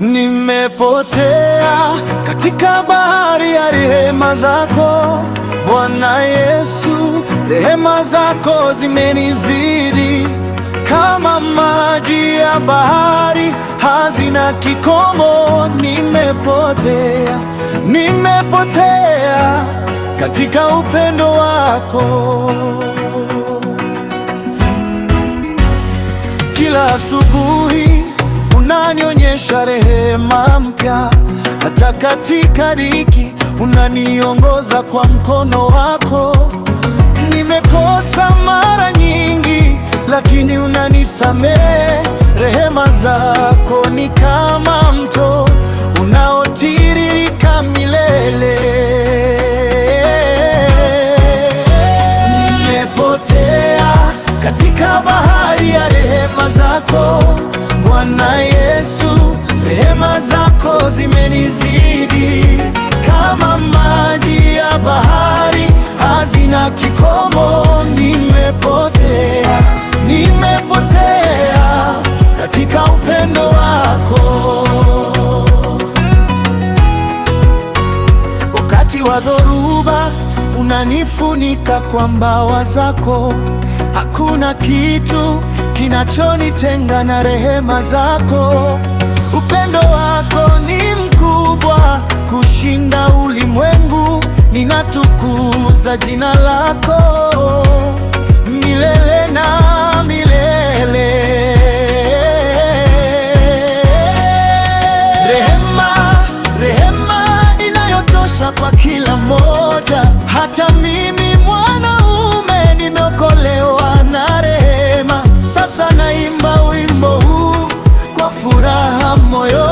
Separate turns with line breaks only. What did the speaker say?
Nimepotea katika bahari ya rehema zako Bwana Yesu, rehema zako zimenizidi kama maji ya bahari, hazina kikomo. Nimepotea, nimepotea katika upendo wako. Kila asubuhi unanionyesha rehema mpya, hata katika dhiki unaniongoza kwa mkono wako. Nimekosa mara nyingi, lakini unanisamehe. Rehema zako ni kama mto zimenizidi kama maji ya bahari, hazina kikomo. Nimepotea, nimepotea katika upendo wako. Wakati wa dhoruba unanifunika kwa mbawa zako, hakuna kitu kinachonitenga na rehema zako, upendo wako wako ni mkubwa kushinda ulimwengu, ninatukuza jina lako milele na milele. Rehema, rehema inayotosha kwa kila mmoja, hata mimi mwanaume nimeokolewa na rehema. Sasa naimba wimbo huu kwa furaha moyo